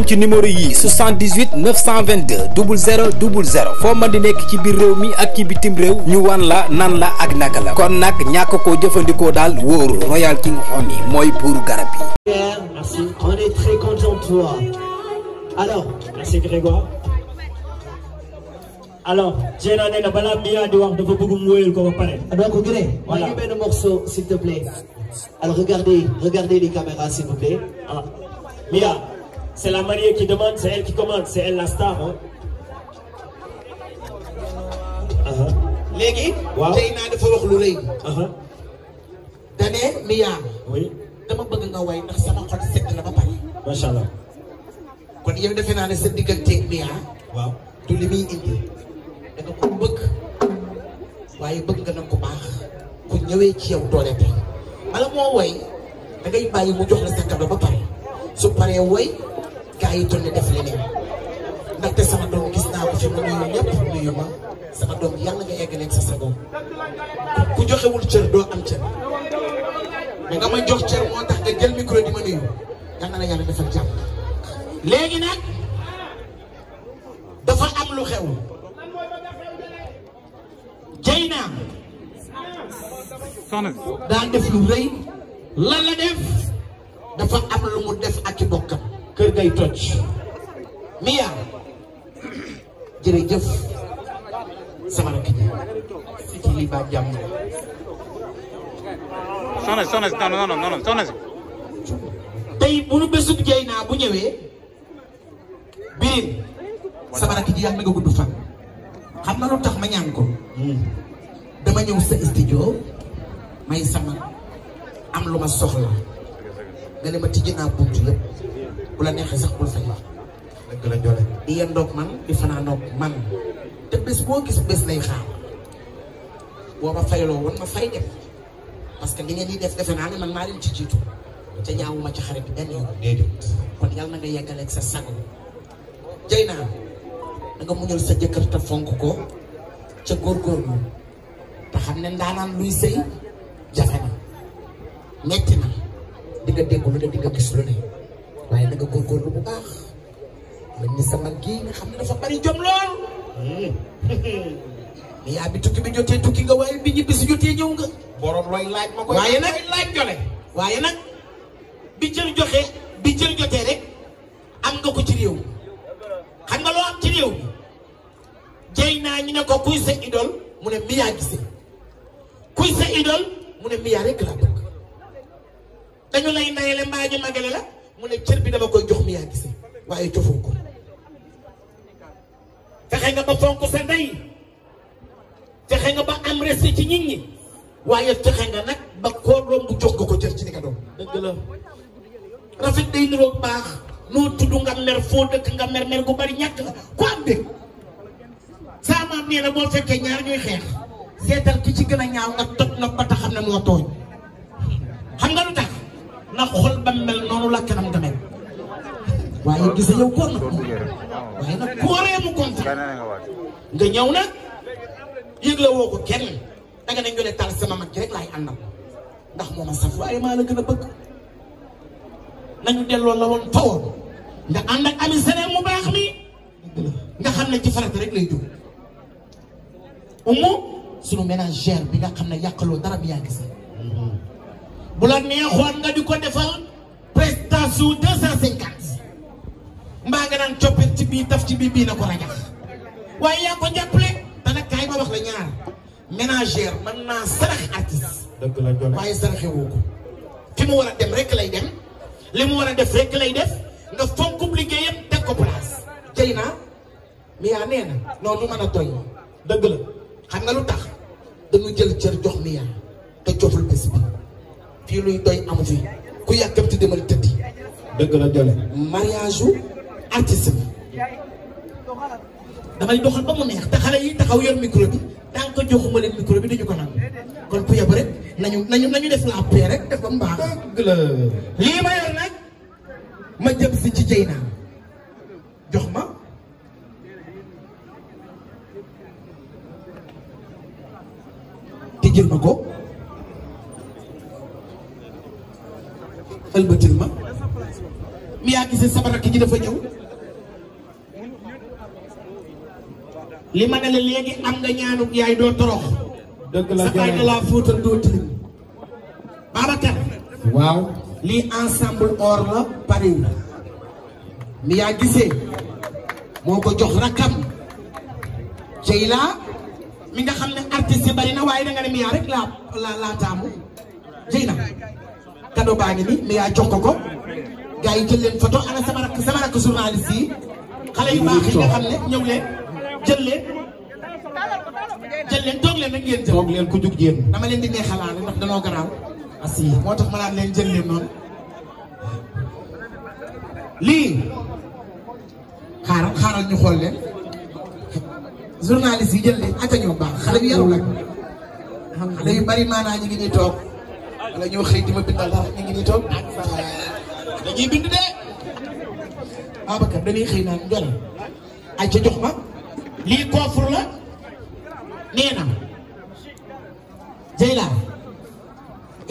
moom ci numéro yii 78 922 00 00 foo mën di nekk ci biir réew mi ak ci bitim réew ñu wan la nan la ak naka la kon nag ñàkk koo jëfandikoo daal wóoru Royal King Honey mooy buuru garab yi. Merci, on est très content de toi. Alors, merci Grégoire. wax dafa bëgg mu wéyal ko C'est la mariée qui demande, c'est uh-huh. léegi. waaw naa dafa wax lu rëy. Uh-huh. dane Mia. dama bëgg nga way ndax sama xol set la ba pare. kon yow defe naa ne sa diggante Mia. waaw du li indi. da ko bëgg. waaye bëgg nga nag ku baax. ku ñëwee ci yow doole tey. bala moo way da bàyyi mu jox la sa kàddu ba pare su paree way. gaa yi dolli def leneen ndaxte sama doom gis naa ko fi mu nuyu ñëpp nuyu ma sama doom yàlla nga eggaleeg sa sago ku joxewul cër doo am cër mais nga may jox cër moo tax nga jël micro di ma nuyu na la yàlla defal jàmm léegi dafa am lu xew Dieyna daan def lu rëy lan la def dafa am lu mu def ak day toj Mia jërëjëf sama rakk ji si ba jàmm soxna si soxna tey bu nu bésub jey naa bu ñëwee biir sama rakk ji yàlla na nga gudd fan xam na lu tax ma ñaan ko hmm. dama ñëw sa studio may sama am lu ma soxla nga ne ma tijji naa buntu lépp bu la neexee sax bul sañ wax. dëgg la Ndiolène. di yendoog man di fanaanoog man te bés boo gis bés lay xaar boo ma fayloo woon ma fay dem parce que li ngeen di def defe naa ne man maa leen ci jiitu te ñaawuma ci xarit bi benn yoon. Ah, déedéet kon yàlla na nga yeggaleeg sa sago. jëy naa da nga muñal sa jëkkër te fonk ko ca góorgóorlu te xam ne ndaanaan luy sëy jafe na metti na di nga dégg lu ne di nga gis lu ne. waaye na nga góorgóorlu bu baax mel ni sama gi nga xam ne dafa bari jom lool. Hmm. mais bi tukki bi jotee tukki nga waaye bi ñibbi si jotee ñëw nga. borom looy laaj ma koy. waaye nag waaye nag bi jël joxe bi jël jotee rek am nga ko ci réew xam nga loo am ci réew mi naa ñu ne ko kuy sa idole mu ne Mia Guissé kuy sa idole mu ne Mia rek laa dañu lay nayale mbaa ñu magale la. mu ne cër bi dama koy jox mi yaa gisee waaye joxu ko fexe nga ba fonk sa ndey fexe nga ba am respect ci nit ñi waaye fexe nga nag ba koo romb jox nga ko cër ci ni nga doon dëgg la rafet day niroog baax noo tudd nga mer foo dëkk nga mer mer gu bari ñàkk la ku am dëkk saa nee na boo fekkee ñaar ñuy xeex seetal ki ci gën a ñaaw nga toj na ba tax xam ne moo tooñ xam nga lu tax na xol ba mel yow la kanam nga mel waaye gis yow koor nag moom waaye nag kooree mu kontaan nga ñëw nag yëgle woo ko kenn danga ne ñu ne taal sama mag ji rek laay àndal ndax moom a gën a bëgg nañu la woon tawoon nga ànd ak xam ne ci farata rek lay jóg umu sunu ménagère bi nga xam ne yàqaloo dara bi yaa gis mm-hmm. bu la neexoon nga di ko defal pestation 250 mbaa nga naan coppet ci bii taf ci biir bii na ko rajax waaye yaa ko jàppale te nag kaay ma wax la ñaar ménagère mën naa sarax artiste. dëgg la ko fi mu war a dem rekk lay dem li mu war a def rek lay def nga fonk liggéeyam teg ko place. jëy naa mais yaa nee na noonu mën a toy dëgg la xam nga lu tax dañu jël cër jox mi yaa te jotul bés bi fii luy doy amu fi. ku yàkkamti demal tëddi. dëgg la Jalle. mariage u artiste bi. damay doxal ba mu neex te yi taxaw yor micro bi tant que joxuma leen micro bi ko nangu kon ku rek nañu nañu def la paix rek def ba mu baax. lii ma yor nag ma jëm si ci Dieyna jox ma. te jël ma ko. ëlbatil ma mi yaa gisee sama rakk ji dafa ñëw li ma ne la léegi am nga ñaanu yaay doo torox dëgg la sa baay da laa fóotal doo tilim Babacar waaw lii ensemble or la pare mi yaa gisee moo ko jox rakkam Jeyla mi nga xam ne artiste yi bari na waaye da ne mi yaa rek laa laa taamu Jeyla kado baa ngi nii mais yaa jox ko ko gars yi jël leen photo ana sama rakk sama rakk yi xale yu baax yi leen jël leen jël leen toog leen jël. toog leen dama leen di neexalaale ndax danoo garaaw. asi moo tax ma naan leen jël leen noonu lii xaaral xaaral ñu xool leen journaliste yi jël leen ak a ñoo baax xale yu yaru nag xale yu bari maanaa ñi ngi ñuy toog. wala ñoo xëy di ma bindal dara ñu ngi nii toog dañuy bind de Babacar dañuy xëy naan jol ay ca jox ma lii koofur la nee na Jeyla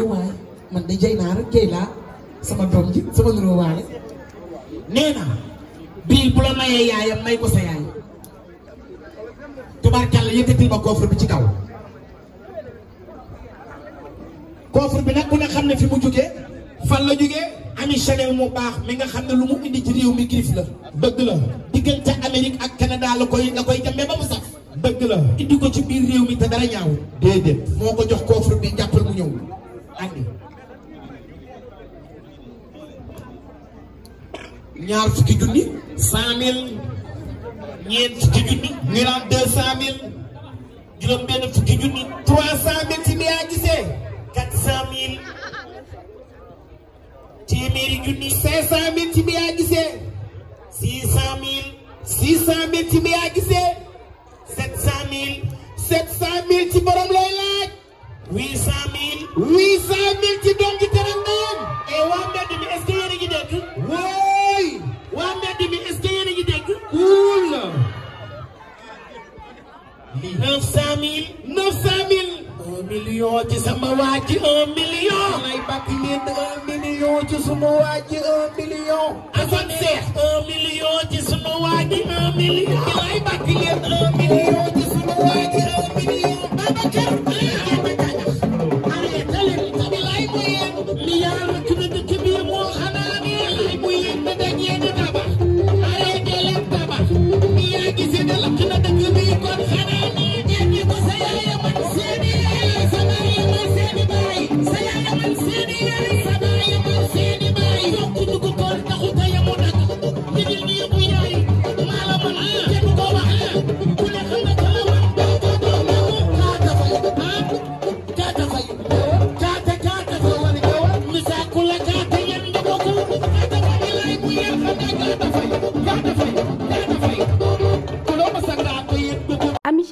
ewaay eh man de Jeyla rek Jeyla sama doom ji sama nuroo waale nee na biir bu la mayee yaayam may ko sa yaay tubaarkàlla yëkkatil ma koofur bi ci kaw coffre bi nag ku ne xam ne fi mu jugee fan la jugee ami Chanel mu baax mi nga xam ne lu mu indi ci réew mi griffe la dëgg la diggante Amérique ak Canada la koy la koy jàmmee ba mu saf dëgg la indi ko ci biir réew mi te dara ñaaw déedéet moo ko jox coffre bi jàppal mu ñëw andi ñaar fukki junni cent mille ñeent fukki junni ñu deux cent mille juróom benn fukki junni trois cent mille ci bi yaa quatre cent mille téeméeri junni cinq cent mille ci biyaa six cent mille six cent mille ci biyaa gisee sept cent mille sept cent mille ci borom lay laaj huit cent mille million. may bakk yéen un million ci sunu waa ji un million. Assane Seck un million bi laay mooy